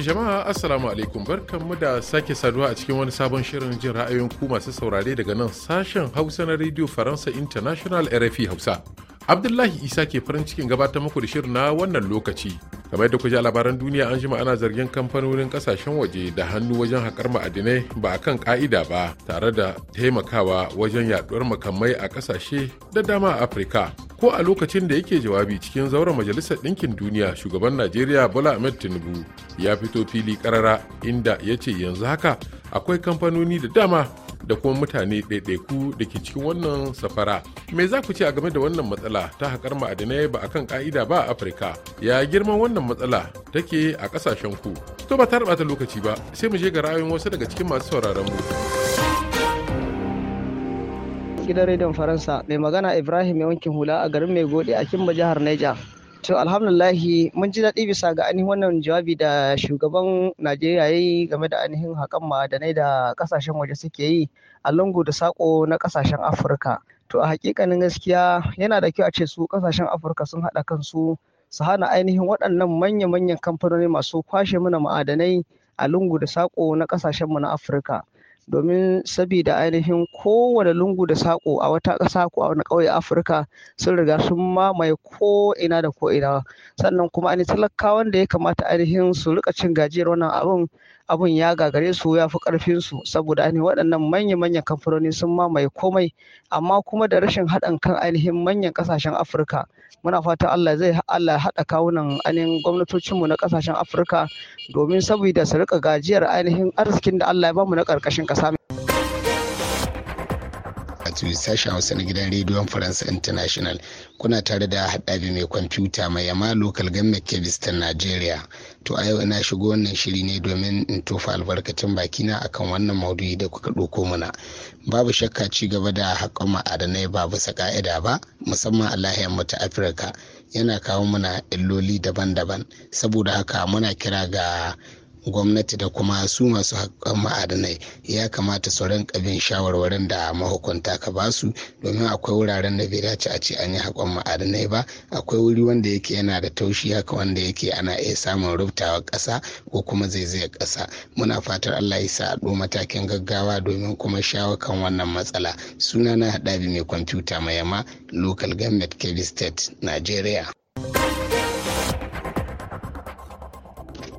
Jama'a Assalamu alaikum barkanmu da sake saduwa a cikin wani sabon shirin jin ra'ayoyin ku masu saurare daga nan sashen Hausa na Radio Faransa International RFI Hausa. Abdullahi Isa ke farin cikin gabatar muku da shirin na wannan lokaci. kamar yadda ku ji labaran duniya an jima ana zargin kamfanonin kasashen waje da hannu wajen haƙar ma'adinai ba a kan ƙa'ida ba tare da taimakawa wajen yaɗuwar makamai a ƙasashe da dama a afirka ko a lokacin da yake jawabi cikin zauren majalisar ɗinkin duniya shugaban najeriya bola ahmed tinubu ya fito fili karara inda ya ce yanzu haka akwai kamfanoni da dama da kuma mutane ɗaiɗaiku da ke cikin wannan safara me za ku ce a game da wannan matsala ta haƙar ma'adinai ba a kan ƙa'ida ba a afirka ya girman wannan matsala take a ƙasashen ku to ba ta lokaci ba sai mu je ga ra'ayoyin wasu daga cikin masu sauraron mu gidan rediyon faransa mai magana ibrahim ya wanke hula a garin mai gode a kimba jihar niger to alhamdulahi mun ji daɗi bisa ga ainihin wannan jawabi da shugaban najeriya ya yi game da ainihin haƙan ma'adanai da ƙasashen waje suke yi a lungu da saƙo na ƙasashen afirka to a hakikanin gaskiya yana da kyau a ce su ƙasashen afirka sun haɗa kansu su hana ainihin waɗannan manya-manyan kamfanoni masu kwashe mana ma'adanai a lungu da saƙo na ƙasashenmu na afirka domin sabida ainihin kowane lungu da sako a wata ƙasa ko a wani ƙauye afirka sun riga sun mamaye ko ina da ko ina sannan kuma ainihin talakawan da ya kamata ainihin su rika cin gajiyar wannan abin? abun ya gagare su ya fi karfin su saboda ainihin waɗannan manya-manyan kamfanoni sun mamaye komai amma kuma da rashin haɗin kan ainihin manyan ƙasashen Afirka muna fatan Allah zai Allah haɗa kawunan ainihin gwamnatocinmu na ƙasashen Afirka domin saboda su rika gajiyar ainihin arzikin da Allah ya bamu na ƙarƙashin ƙasa. Plateau sashen Hausa na gidan rediyon Faransa International kuna tare da haɗabi mai kwamfuta mai yama lokal government kebis ta Najeriya. To a yau ina shigo wannan shiri ne domin in tofa albarkacin bakina akan wannan maudu'i da kuka ɗauko mana. Babu shakka ci gaba da haƙon ma'adanai ba bisa ƙa'ida ba musamman a lahiyar mu ta Afirka yana kawo mana illoli daban-daban saboda haka muna kira ga gwamnati da kuma su masu haƙƙan ma'adanai ya kamata su rinka bin shawarwarin da mahukunta ka ba su domin akwai wuraren da bai dace a ce an yi haƙƙon ma'adanai ba akwai wuri wanda yake yana da taushi haka wanda yake ana iya samun rubtawa ƙasa ko kuma zaizayar ƙasa muna fatar allah ya sa a ɗo matakin gaggawa domin kuma shawo kan wannan matsala suna na haɗabi mai kwamfuta mayama local government kebbi state nigeria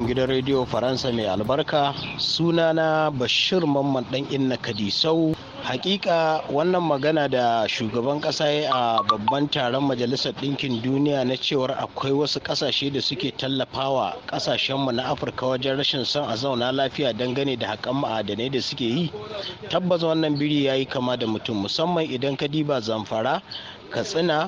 gidan rediyo faransa mai albarka sunana bashir mamman dan inna kadisau hakika wannan magana da shugaban kasa ya a babban taron majalisar ɗinkin duniya na cewar akwai wasu ƙasashe da suke tallafawa ƙasashenmu na afirka wajen rashin son a zauna lafiya dangane da haƙan ma'adanai da suke yi tabbas wannan biri ya yi kama da mutum musamman idan ka diba zamfara katsina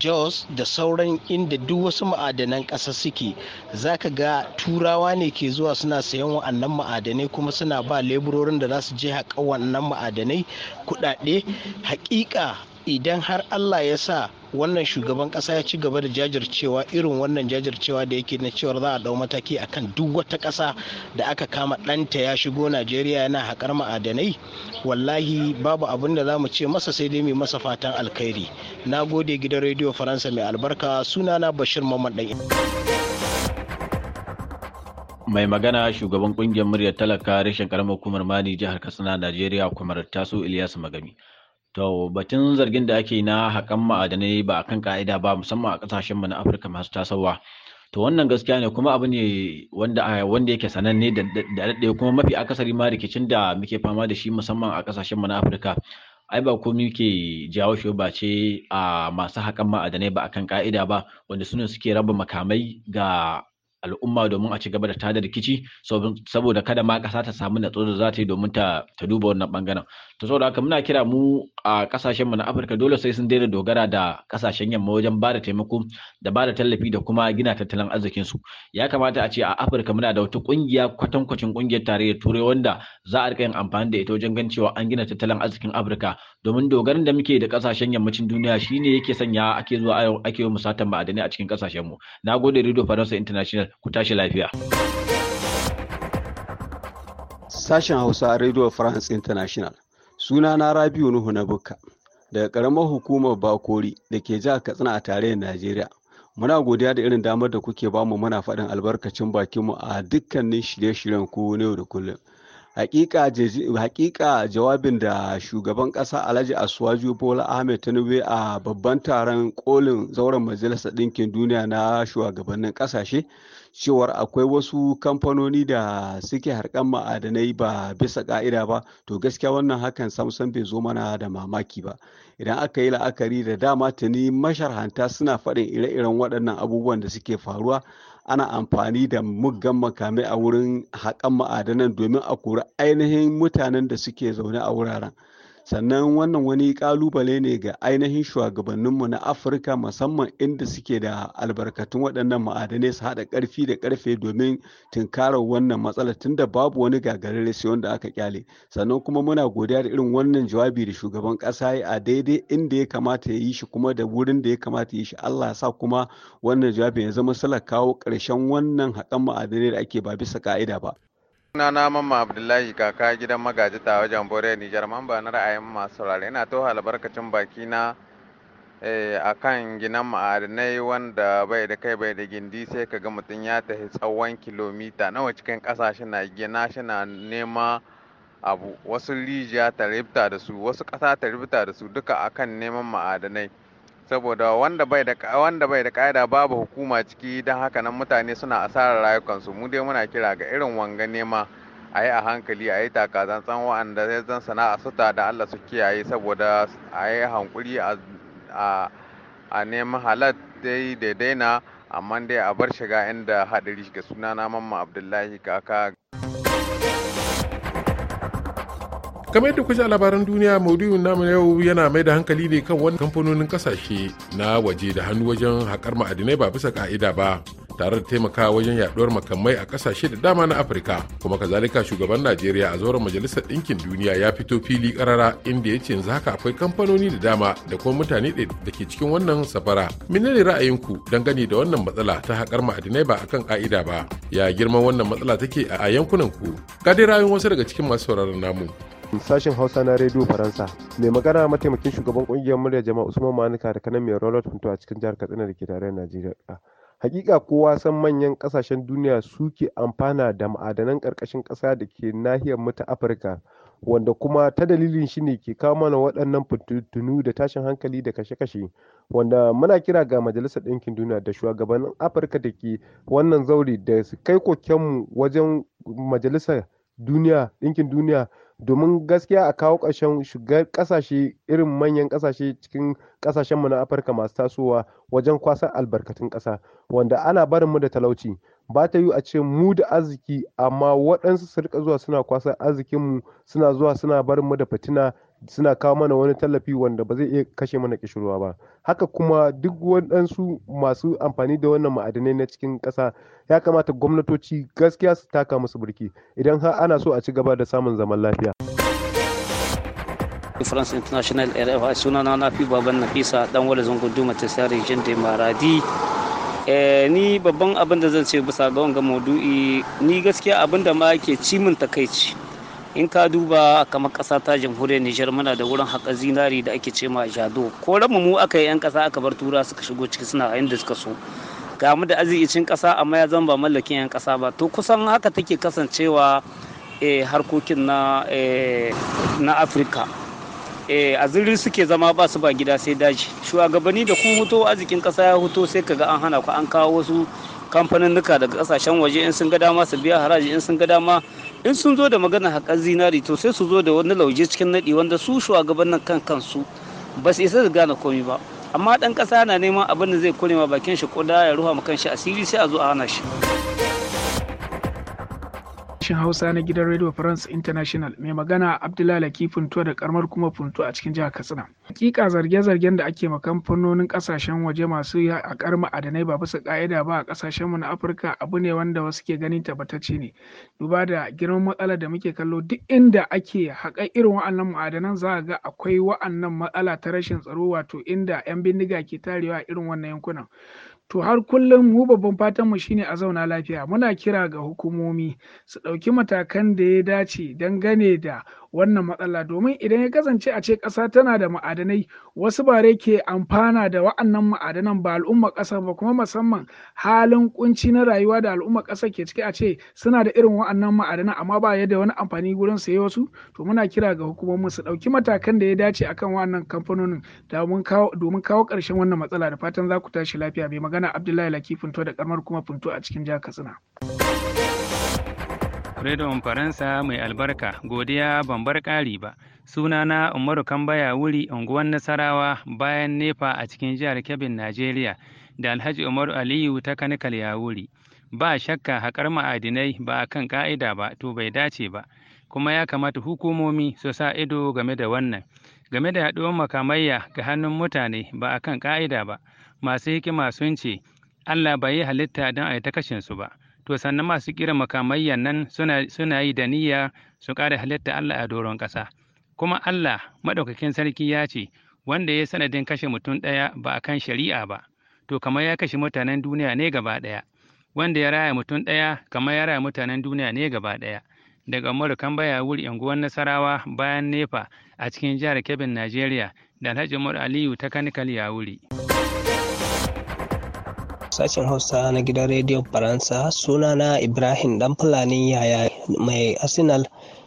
jos da sauran inda duk wasu ma'adanan ƙasa suke za ka ga turawa ne ke zuwa suna sayan wa'annan ma'adanai kuma suna ba leburorin da za su je haƙa wannan ma'adanai kuɗaɗe haƙiƙa. idan har Allah ya sa wannan shugaban kasa ya ci gaba da jajircewa irin wannan jajircewa da yake na cewar za a dau mataki akan duk wata kasa da aka kama ɗanta ya shigo Najeriya yana haƙar ma'adanai wallahi babu abin da za mu ce masa sai dai mai masa fatan alkhairi na gode gidan rediyo faransa mai albarka sunana bashir mamman dan mai magana shugaban kungiyar muryar talaka rashin karamar hukumar mani jihar katsina najeriya kumar taso ilyas magami To batun zargin da ake na hakan ma'adanai ba a kan ƙa'ida ba musamman a ƙasashenmu na Afirka masu tasowa. To wannan gaskiya ne kuma abu ne wanda wanda yake sananne da daɗe kuma mafi akasari ma rikicin da muke fama da shi musamman a ƙasashenmu na Afirka. Ai ba komi ke jawo shi ba ce a masu haƙan ma'adanai ba a kan ƙa'ida ba wanda su ne suke raba makamai ga al'umma domin a ci gaba da tada rikici saboda kada ma ƙasa ta samu natsuwa da za ta yi domin ta duba wannan ɓangaren to saboda haka muna kira mu a kasashenmu na afirka dole sai sun daina dogara da kasashen yamma wajen ba da taimako da ba da tallafi da kuma gina tattalin arzikinsu ya kamata a ce a afirka muna da wata kungiya kwatankwacin kungiyar tarayyar turai wanda za a rika yin amfani da ita wajen gan cewa an gina tattalin arzikin afirka domin dogarin da muke da kasashen yammacin duniya shine yake sanya ake zuwa ake yi musatan ma'adanai a cikin kasashenmu na gode radio faransa international ku tashi lafiya. Sashen Hausa Radio France International. Suna na Rabiu Nuhu na Bukka daga karamar hukumar Bakori da ke jihar Katsina a tarayyar Najeriya. Muna godiya da irin damar da kuke bamu muna faɗin albarkacin bakinmu a dukkanin shirye-shiryen ku na yau da kullum. hakika jawabin da shugaban kasa alhaji asuwaju bola ahmed tinubu a babban taron kolin zauren majalisar ɗinkin duniya na shugabannin ƙasashe cewar akwai wasu kamfanoni da suke harkan ma'adanai ba bisa ka'ida ba to gaskiya wannan hakan samson bai zo mana da mamaki ba idan aka yi la'akari da dama tuni masharhanta suna faɗin ire-iren waɗannan abubuwan da suke faruwa ana amfani da muggan makamai a wurin haƙan ma'adanan domin a kori ainihin mutanen da suke zaune a wuraren sannan wannan wani kalubale ne ga ainihin shugabanninmu na afirka musamman inda suke da albarkatun waɗannan ma'adanai su haɗa ƙarfi da ƙarfe domin tunkarar wannan matsala tunda babu wani gagarare sai wanda aka kyale sannan kuma muna godiya da irin wannan jawabi da shugaban ƙasa ya a daidai inda ya kamata ya yi shi kuma da wurin da ya kamata ya yi shi allah ya sa kuma wannan jawabi ya zama sala kawo ƙarshen wannan haƙan ma'adanai da ake ba bisa ka'ida ba na mamma abdullahi kaka gidan magaji ta wajen bore nijar mamba na ra'ayin masu rare ina to albarkacin baki na eh, a kan ginan ma'adinai wanda bai da kai bai da gindi sai ka ga mutum ya tafi tsawon kilomita nawa cikin kasashen na gina shi na nema abu wasu rijiya ta ribta da su wasu kasa ta ribta da su duka akan neman ma'adinai. saboda wanda bai da wanda bai da kaida babu hukuma ciki don haka nan mutane suna asarar rayukansu mu dai muna kira ga irin wanga nema a yi a hankali a yi takazan tsan wa'anda zai zan sana'a suta da Allah su kiyaye saboda a yi hankuri a neman halat dai daidaina amma dai a bar shiga inda haɗari ga sunana mamma abdullahi kaka kamar yadda kuji a labaran duniya maudu'in namu yau yana mai da hankali ne kan wani kamfanonin kasashe na waje da hannu wajen haƙar ma'adinai ba bisa ka'ida ba tare da taimakawa wajen yaduwar makamai a kasashe da dama na afirka kuma kazalika shugaban najeriya a zauren majalisar ɗinkin duniya ya fito fili karara inda ya ce yanzu haka akwai kamfanoni da dama da kuma mutane da ke cikin wannan safara menene ra'ayinku dangane da wannan matsala ta haƙar ma'adinai ba akan ka'ida ba ya girman wannan matsala take a yankunan ku ga dai ra'ayin wasu daga cikin masu sauraron namu Sashen Hausa na rediyo Faransa. Mai magana mataimakin shugaban kungiyar murya jama'a Usman Manuka da kanan mai Rolot Punto a cikin jihar Katsina da ke tare da Najeriya. Hakika kowa san manyan kasashen duniya suke amfana da ma'adanan karkashin kasa da ke nahiyar mu ta Afirka. wanda kuma ta dalilin shi ne ke kawo mana waɗannan fitattunu da tashin hankali da kashe-kashe wanda muna kira ga majalisar ɗinkin duniya da shugabannin afirka da ke wannan zauri da su kai kokenmu wajen majalisar duniya ɗinkin duniya domin gaskiya a kawo ƙarshen shiga ƙasashe irin manyan ƙasashe cikin ƙasashenmu na afirka masu tasowa wajen kwasar albarkatun ƙasa wanda ana barin mu da talauci ba ta yi a ce mu da arziki amma waɗansu su rika zuwa suna kwasar arzikinmu suna zuwa suna barin mu da fitina suna kawo mana wani tallafi wanda ba zai iya kashe mana kishirwa ba haka kuma duk waɗansu masu amfani da wannan ma'adinai na cikin ƙasa ya kamata gwamnatoci gaskiya su taka musu birki idan har ana so a ci gaba da samun zaman lafiya. france international rfi suna na nafi baban nafisa dan wale zangon duma ta sare jinde maradi eh, ni babban abin da zan ce bisa ga wanga maudu'i ni gaskiya abin da ma ke cimin takaici in ka duba kamar ƙasa ta jamhuriyar nijar muna da wurin haƙa zinari da ake ce ma jado ko rama mu aka yi 'yan ƙasa aka bar tura suka shigo ciki suna a inda suka so ga mu da arzikin ƙasa amma ya zama ba mallakin 'yan ƙasa ba to kusan haka take kasancewa eh, harkokin na eh, na afirka eh, a zirin suke zama ba su ba gida sai daji shugabanni da kun huto arzikin ƙasa ya huto sai ka ga an hana ku an kawo wasu kamfanin nuka daga ƙasashen waje in sun ga dama su biya haraji in sun ga dama in sun zo da magana haƙar zinari to sai su zo da wani lauje cikin naɗi wanda su shugabannin kan kansu ba su isa su gane komai ba amma ɗan ƙasa na neman abin da zai kure ma bakin shi ko da ya ruha ma kan shi asiri sai a zo a hana shi. sashen Hausa na gidan Radio France International mai magana Abdullahi Laki Funtuwa da karmar kuma Funtuwa a cikin jihar Katsina. Hakika zarge-zargen da ake ma kamfanonin kasashen waje masu karma ma'adanai ba bisa ka'ida ba a kasashen mu na Afirka abu ne wanda wasu ke ganin tabbatacce ne. Duba da girman matsala da muke kallo duk inda ake haƙa irin wa'annan ma'adanan za a ga akwai wa'annan matsala ta rashin tsaro wato inda 'yan bindiga ke tarewa irin wannan yankunan. To har kullum mu babban fatanmu shine a zauna lafiya muna kira ga hukumomi su ɗauki matakan da ya dace dangane da wannan matsala domin idan ya kasance a ce ƙasa tana da ma'adanai wasu bare ke amfana da wa'annan ma'adanan ba al'umma ƙasa ba kuma musamman halin kunci na rayuwa da al'umma ƙasa ke ciki a ce suna da irin wa'annan ma'adanan amma ba yadda wani amfani gurin saye wasu to muna kira ga hukumomin su ɗauki matakan da ya dace akan wa'annan kamfanonin domin kawo ƙarshen wannan matsala da fatan za ku tashi lafiya mai magana abdullahi laki funto da kamar kuma funto a cikin jihar katsina. Freedom Faransa mai albarka godiya ban bar ƙari ba. Sunana Umaru Kambaya wuri unguwan Nasarawa bayan Nefa a cikin jihar Kebbi, Najeriya da Alhaji Umaru Aliyu ta Kanikal wuri. Ba shakka haƙar ma'adinai ba a kan ƙa'ida ba to bai dace ba, kuma ya kamata hukumomi su sa ido game da wannan. Game da haɗuwar makamayya ga hannun mutane ba a kan ƙa'ida ba, masu hikima sun ce, Allah bai yi halitta don a yi ta kashinsu ba. to sannan masu kira makamayyan nan suna yi da niyya su ƙara halitta Allah a doron ƙasa kuma Allah maɗaukakin sarki ya ce wanda ya sanadin kashe mutum ɗaya ba a kan shari'a ba to kamar ya kashe mutanen duniya ne gaba ɗaya wanda ya raya mutum ɗaya kamar ya raya mutanen duniya ne gaba ɗaya daga Amurkan baya wuri unguwar Nasarawa bayan Nefa a cikin jihar Kebbi Najeriya da Alhaji Umar Aliyu ta Kanikal ya wuri. sashen Hausa na gidan rediyon Faransa suna na Ibrahim Dan Fulani yaya mai Arsenal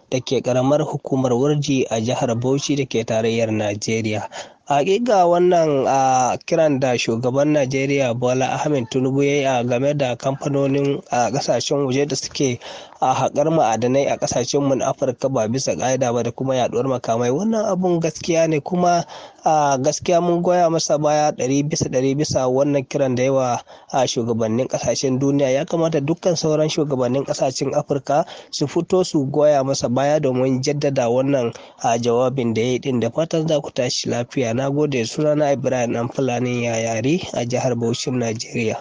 da ke karamar hukumar Wurji a jihar Bauchi da ke tarayyar Najeriya. hakika wannan a kiran da shugaban najeriya bola ahmed tinubu ya yi a game da kamfanonin a kasashen waje da suke a haƙar ma'adanai a ƙasashen mu na Afirka ba bisa ƙa'ida ba da kuma yaɗuwar makamai wannan abun gaskiya ne kuma a gaskiya mun goya masa baya ɗari bisa ɗari bisa wannan kiran da yawa a shugabannin ƙasashen duniya ya kamata dukkan sauran shugabannin ƙasashen Afirka su fito su goya masa baya domin jaddada wannan a jawabin da ya yi din da fatan za ku tashi lafiya na gode sunana Ibrahim ɗan Fulani yayari a jihar Bauchin Najeriya.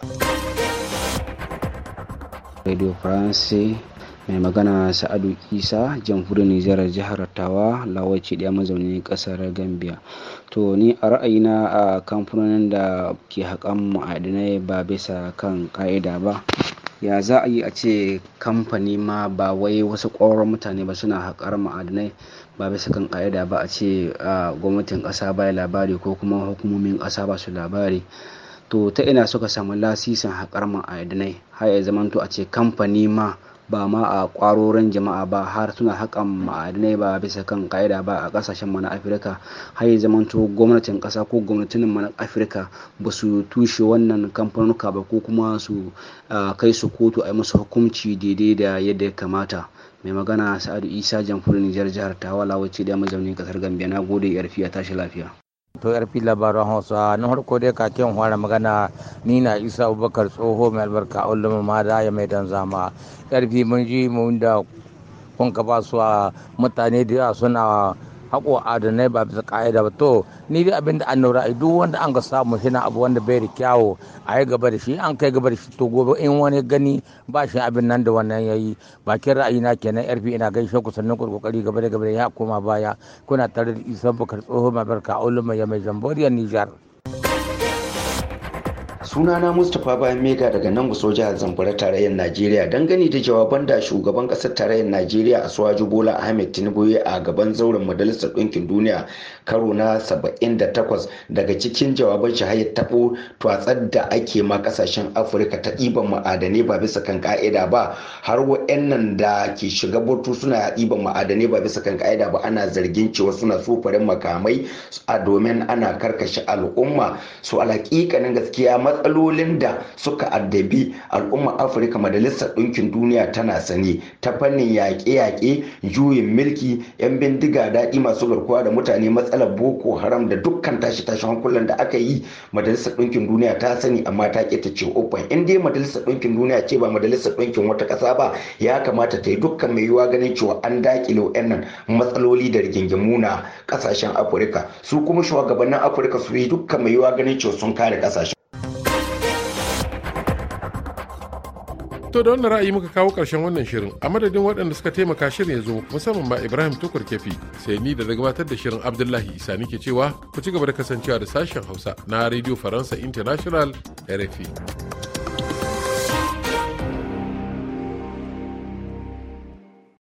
Radio France mai magana sa'adu isa jamhuriyar nijar jihar tawa lawaci daya mazaunin ƙasar gambia to ni a ra'ayina a kamfanonin da ke haƙan ma'adinai ba bisa kan ƙa'ida ba ya za a yi a ce kamfani ma ba wai wasu ƙwaron mutane ba suna haƙar ma'adinai ba bisa kan ƙa'ida ba a ce gwamnatin ƙasa ba ya labari ko kuma hukumomin ƙasa ba su labari to ta ina suka samu lasisin haƙar ma'adinai har ya zamanto a ce kamfani ma ba ma a kwarorin jama'a ba har suna haƙan ma'adinai ba bisa kan ka'ida ba a ƙasashen mana afirka har ya zamanto gwamnatin ƙasa ko gwamnatin mana afirka ba su tushe wannan kamfanuka ba ko kuma su kai su kotu a yi musu hukunci daidai da yadda ya kamata mai magana sa'adu isa jamfuri nijar jihar tawala wacce da mazaunin kasar gambia na gode yarfi a tashi lafiya to yarfi labaran hausa na farko dai kakin fara magana ni na isa abubakar tsoho mai albarka ulama ma da ya mai dan zama yarfi mun ji mun da kun ka ba su ah, mutane da yawa suna haƙo adanai ba bisa ƙa'ida ba to ni dai abin da an nura duk wanda an ga samu hina abu wanda bai da kyawo a yi gaba da shi an kai gaba da shi to gobe in wani gani ba shi abin nan da wannan yayi bakin ra'ayina kenan yarfi ina gaishe ku sannan ku kokari gaba da gaba da ya koma baya kuna tare da isa bukar tsoho mai barka a ulama ya mai jamboriyar nijar. sunana mustapha bayan mega daga nan soja jihar zamfara tarayyar najeriya dangane da jawaban da shugaban kasar tarayyar najeriya a suwaju bola ahmed tinubu a gaban zauren majalisar ɗinkin duniya karo na 78 daga cikin jawaban shi hayar taɓo twatsar da ake ma kasashen afirka ta ɗiban ma'adanai ba bisa kan ka'ida ba har wa'annan da ke shiga burtu suna ɗiban ma'adanai ba bisa kan ka'ida ba ana zargin cewa suna farin makamai a domin ana karkashe al'umma su alaƙiƙanin gaskiya matsalolin da suka addabi al'ummar afirka majalisar ɗinkin duniya tana sani ta fannin yaƙe-yaƙe juyin milki 'yan bindiga daɗi masu garkuwa da mutane matsalar boko haram da dukkan tashi tashi hankulan da aka yi majalisar ɗinkin duniya ta sani amma ta ƙi ta ce open in dai majalisar ɗinkin duniya ce ba majalisar ɗinkin wata ƙasa ba ya kamata ta yi dukkan mai yiwuwa ganin cewa an daƙile wa'annan matsaloli da rigingimu na ƙasashen afirka su kuma shugabannin afirka su yi dukkan mai yiwuwa ganin cewa sun kare ƙasashen To da wannan ra'ayi muka kawo ƙarshen wannan shirin a madadin waɗanda suka taimaka shirin ya zo musamman ba Ibrahim Tukur Kefi sai ni da gabatar da shirin Abdullahi Isa ke cewa ku ci gaba da kasancewa da sashen Hausa na Radio Faransa International RFI.